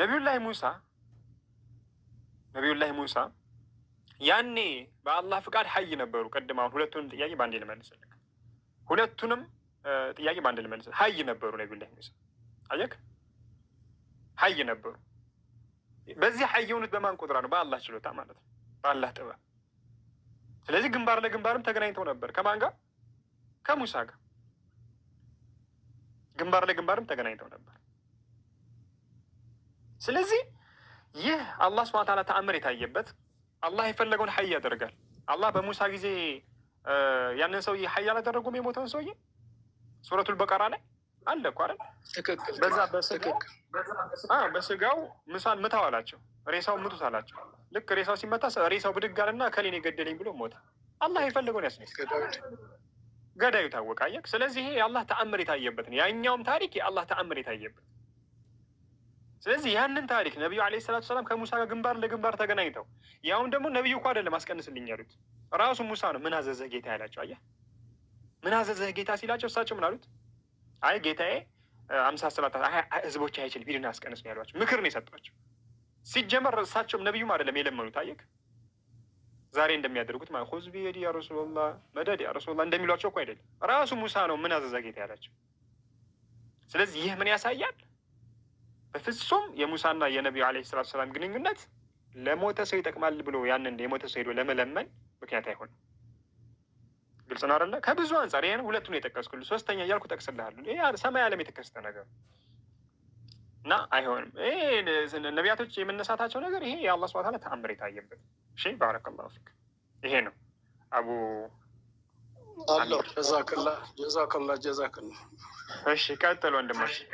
ነቢዩላህ ሙሳ ነቢዩላህ ሙሳ ያኔ በአላህ ፍቃድ ሀይ ነበሩ። ቅድም አሁን ሁለቱንም ጥያቄ በአንዴ ልመልስልህ። ሁለቱንም ጥያቄ በአንዴ ልመልስልህ። ሀይ ነበሩ ነቢዩላህ ሙሳ አየክ፣ ሀይ ነበሩ። በዚህ ሀይ ሀይውነት በማን ቁጥራ ነው? በአላህ ችሎታ ማለት ነው፣ በአላህ ጥበብ። ስለዚህ ግንባር ለግንባርም ተገናኝተው ነበር። ከማን ጋር? ከሙሳ ጋር ግንባር ለግንባርም ተገናኝተው ነበር። ስለዚህ ይህ አላህ ስብሐነ ወተዓላ ተአምር የታየበት አላህ የፈለገውን ሀይ ያደርጋል። አላህ በሙሳ ጊዜ ያንን ሰውዬ ሀይ አላደረጉም። የሞተውን ሰውዬ ሱረቱል በቀራ ላይ አለ እኮ አይደል? በዛ በስጋው ምሳን ምታው አላቸው፣ ሬሳው ምቱት አላቸው። ልክ ሬሳው ሲመታ ሬሳው ብድግ አለና ከሌን የገደለኝ ብሎ ሞተ። አላህ የፈለገውን ያስነስ፣ ገዳዩ ታወቃየቅ። ስለዚህ ይሄ የአላህ ተአምር የታየበት ነው። ያኛውም ታሪክ የአላህ ተአምር የታየበት ስለዚህ ያንን ታሪክ ነቢዩ አለይሂ ሰላቱ ሰላም ከሙሳ ጋር ግንባር ለግንባር ተገናኝተው ያሁን ደግሞ ነቢዩ እኮ አይደለም አስቀንስልኝ ያሉት ራሱ ሙሳ ነው። ምን አዘዘህ ጌታ ያላቸው። አየህ ምን አዘዘህ ጌታ ሲላቸው እሳቸው ምን አሉት? አይ ጌታዬ አምሳ ሰባት ህዝቦች አይችል ቢድን አስቀንስ ነው ያሏቸው። ምክር ነው የሰጧቸው። ሲጀመር እሳቸውም ነቢዩም አይደለም የለመኑት። አየህ ዛሬ እንደሚያደርጉት ማለት ሁዝቢ የዲ ያ መደድ ያ እንደሚሏቸው እኮ አይደለም። ራሱ ሙሳ ነው ምን አዘዘህ ጌታ ያላቸው። ስለዚህ ይህ ምን ያሳያል? በፍጹም የሙሳና የነቢዩ ዓለይሂ ሰላቱ ሰላም ግንኙነት ለሞተ ሰው ይጠቅማል ብሎ ያንን የሞተ ሰው ሄዶ ለመለመን ምክንያት አይሆንም። ግልጽ ነው አይደለ? ከብዙ አንጻር ይህን ሁለቱን የጠቀስኩልህ ሶስተኛ እያልኩ ጠቅስልሃለሁ። ይሄ ሰማይ ዓለም የተከሰተ ነገር እና አይሆንም። ነቢያቶች የመነሳታቸው ነገር ይሄ የአላህ ስብሐት ወተዓላ ተአምር የታየበት እሺ፣ ባረከላሁ ፊክ። ይሄ ነው አቡ አለሁ። ጀዛክላ ጀዛክላ ጀዛክላ። እሺ፣ ቀጥል ወንድማችን።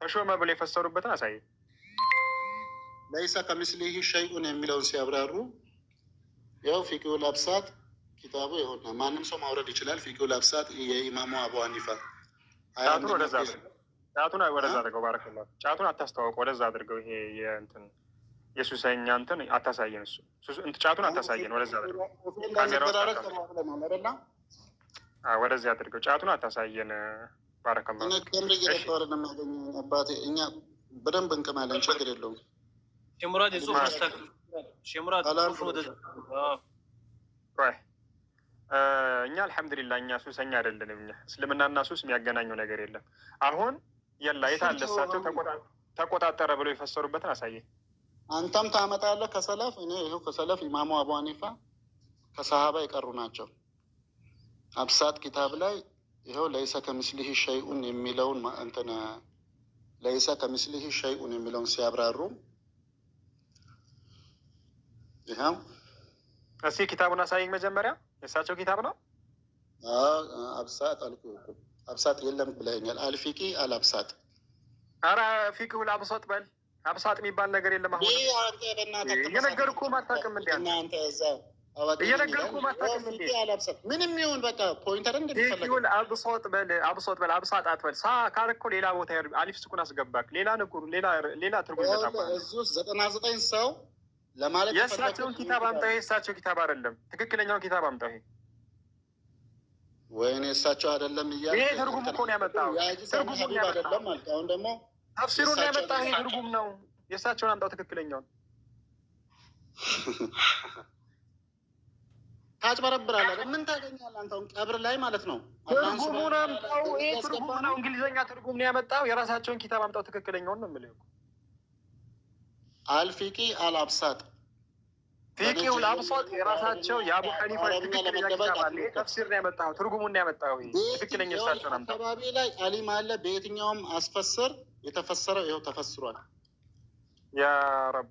ተሾመ ብሎ የፈሰሩበትን አሳይ። ለይሳ ከምስሊህ ሸይኡን የሚለውን ሲያብራሩ ያው ፊቅሁል አብሳጥ ኪታቡ የሆነ ማንም ሰው ማውረድ ይችላል። ፊቅሁል አብሳጥ የኢማሙ አቡ ሀኒፋ ጫቱን ወደዛ ጫቱን ወደዛ አድርገው ባረክላ ጫቱን አታስተዋውቅ ወደዛ አድርገው ይሄ የእንትን የሱሰኛ እንትን አታሳየን። እሱ ጫቱን አታሳየን ወደዛ አድርገው ወደዚህ አድርገው ጫቱን አታሳየን። እኛ በደንብ እኛ አልሐምዱሊላ እኛ ሱሰኛ አይደለንም። እኛ እስልምናና ሱስ የሚያገናኘው ነገር የለም። አሁን የላ የታለ እሳቸው ተቆጣጠረ ብለው የፈሰሩበትን አሳየ። አንተም ታመጣለህ ከሰለፍ እኔ ይኸው ከሰለፍ ኢማሙ አቡ ሀኒፋ ከሰሃባ የቀሩ ናቸው። አብሳት ኪታብ ላይ ይኸው ለይሰ ከምስሊህ ሸይኡን የሚለውን እንትን ለይሰ ከምስሊህ ሸይኡን የሚለውን ሲያብራሩ ይኸው እሲ ኪታቡን አሳይኝ መጀመሪያ የእሳቸው ኪታብ ነው። አብሳጥ አልኩ አብሳጥ የለም ብለኛል። አልፊቂ አልአብሳጥ አረ ፊቅ ፊቅሁ አብሶጥ በል አብሳጥ የሚባል ነገር የለም። አሁን የነገርኩህ ማታውቅም እንዲ ምንም ይሁን በቃ ፖይንተር እንደሚፈለግሁን አብሶጥ በል አብሶጥ በል አብሳ ጣት በል ሳ ካረኮ ሌላ ቦታ አሊፍ ስኩን አስገባክ ሌላ ንጉሩ ሌላ ትርጉም እዚህ ውስጥ ዘጠና ዘጠኝ ሰው ለማለት የእሳቸውን ኪታብ አምጣ። ይሄ የእሳቸው ኪታብ አይደለም። ትክክለኛውን ኪታብ አምጣ። ይሄ ወይኔ የእሳቸው አይደለም እያለ ይሄ ትርጉም እኮ ነው ያመጣው። ትርጉም አይደለም ማለት አሁን ደግሞ ተፍሲሩን ነው ያመጣ። ይሄ ትርጉም ነው። የእሳቸውን አምጣው ትክክለኛውን ታጭበረብራለህ። ምን ታገኛለህ አንተ? አሁን ቀብር ላይ ማለት ነው። ትርጉሙን አምጣው። ይሄ ትርጉም ነው፣ እንግሊዝኛ ትርጉም ነው ያመጣው። የራሳቸውን ኪታብ አምጣው፣ ትክክለኛውን ነው የምልህ። አልፊቂ አልአብሳጥ ፊቂው ለአብሳጥ የራሳቸው የአቡ ሐኒፋ ትክክለኛ ኪታብ አለ። ተፍሲር ነው ያመጣው፣ ትርጉሙን ነው ያመጣው። ይሄ ትክክለኛ እሳቸውን አምጣው። አካባቢ ላይ አሊም አለ። በየትኛውም አስፈስር የተፈሰረው ይኸው ተፈስሯል። ያ ረብ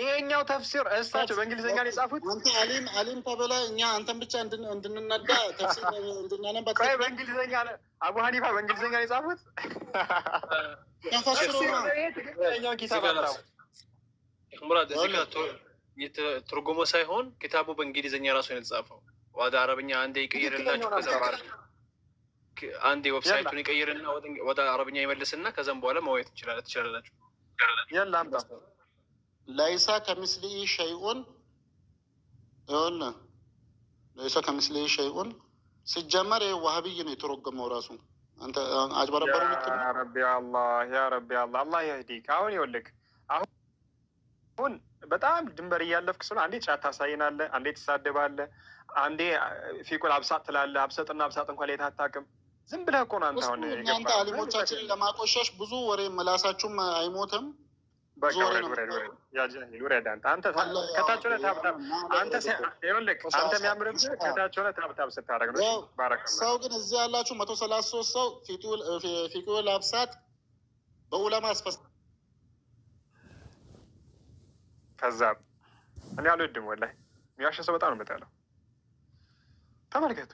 ይሄኛው ተፍሲር እሳቸው በእንግሊዝኛ ነው የጻፉት። አንተ አሊም አሊም ተብላ እኛ አንተን ብቻ እንድንነዳ ተፍሲር እንድናነባ በእንግሊዝኛ አቡ ሀኒፋ በእንግሊዝኛ ነው የጻፉት። ሙራድ ትርጉሞ ሳይሆን ኪታቡ በእንግሊዝኛ ራሱ ነው የተጻፈው። ወደ አረብኛ አንዴ ይቀይርላችሁ ከዛ አንዴ ዌብሳይቱን ይቀይርና ወደ አረብኛ ይመልስና ከዛም በኋላ ማወየት ትችላላችሁ። ላይሳ ከምስሊ ሸይኡን ሆነ ላይሳ ከምስሊ ሸይኡን ሲጀመር ዋህብይ ነው የተረጎመው ራሱ። አንተ አጭበረበሩ ልትረቢ አላ ያ ረቢ አላ አላ ያህዲክ። አሁን ይወልክ አሁን በጣም ድንበር እያለፍክ ስለሆነ አንዴ ጫት ታሳይናለህ፣ አንዴ ትሳደባለህ፣ አንዴ ፊቁል አብሳጥ ትላለህ። አብሰጥና አብሳጥ እንኳን የት አታውቅም። ዝም ብለህ እኮ ነው አንተ አሁን እናንተ አሊሞቻችንን ለማቆሸሽ ብዙ ወሬ መላሳችሁም አይሞትም ሰው ግን እዚህ ያላችሁ መቶ ሰላሳ ሶስት ሰው ፊቁ ለብሳት በኡለማ አስፈስ ከዛ እኔ አልወድም ወላሂ የሚዋሸ ሰው በጣም ነው የምጠላው። ተመልከቱ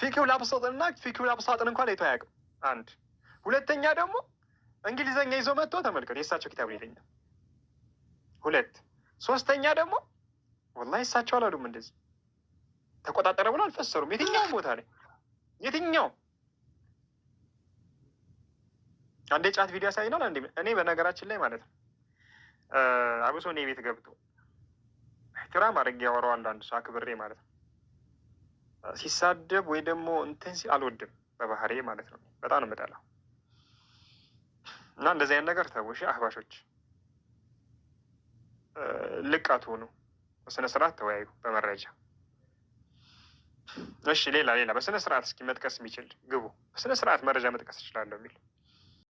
ፊቁ ላብሳጥንና ፊቁ ላብሳጥን እንኳን አይቶ አያውቅም። አንድ ሁለተኛ ደግሞ እንግሊዘኛ ይዞ መጥቶ ተመልከቱ። የእሳቸው ኪታብ ይለኛል። ሁለት ሶስተኛ ደግሞ ወላሂ እሳቸው አላሉም እንደዚህ ተቆጣጠረ ብሎ አልፈሰሩም። የትኛውም ቦታ ላይ የትኛው አንድ የጫት ቪዲዮ ያሳይናል። አንዴ እኔ በነገራችን ላይ ማለት ነው አብሶ እኔ ቤት ገብቶ ኤሕትራም አድርጌ ያወራዋል አንዳንድ ሰው አክብሬ ማለት ነው ሲሳደብ ወይ ደግሞ እንትን አልወድም በባህሬ ማለት ነው። በጣም ነው የምጠላው እና እንደዚህ አይነት ነገር ተውሽ። አህባሾች ልቅ አትሆኑ፣ በስነ ስርዓት ተወያዩ በመረጃ እሺ። ሌላ ሌላ በስነ ስርዓት እስኪ መጥቀስ የሚችል ግቡ። በስነ ስርዓት መረጃ መጥቀስ ይችላለሁ የሚል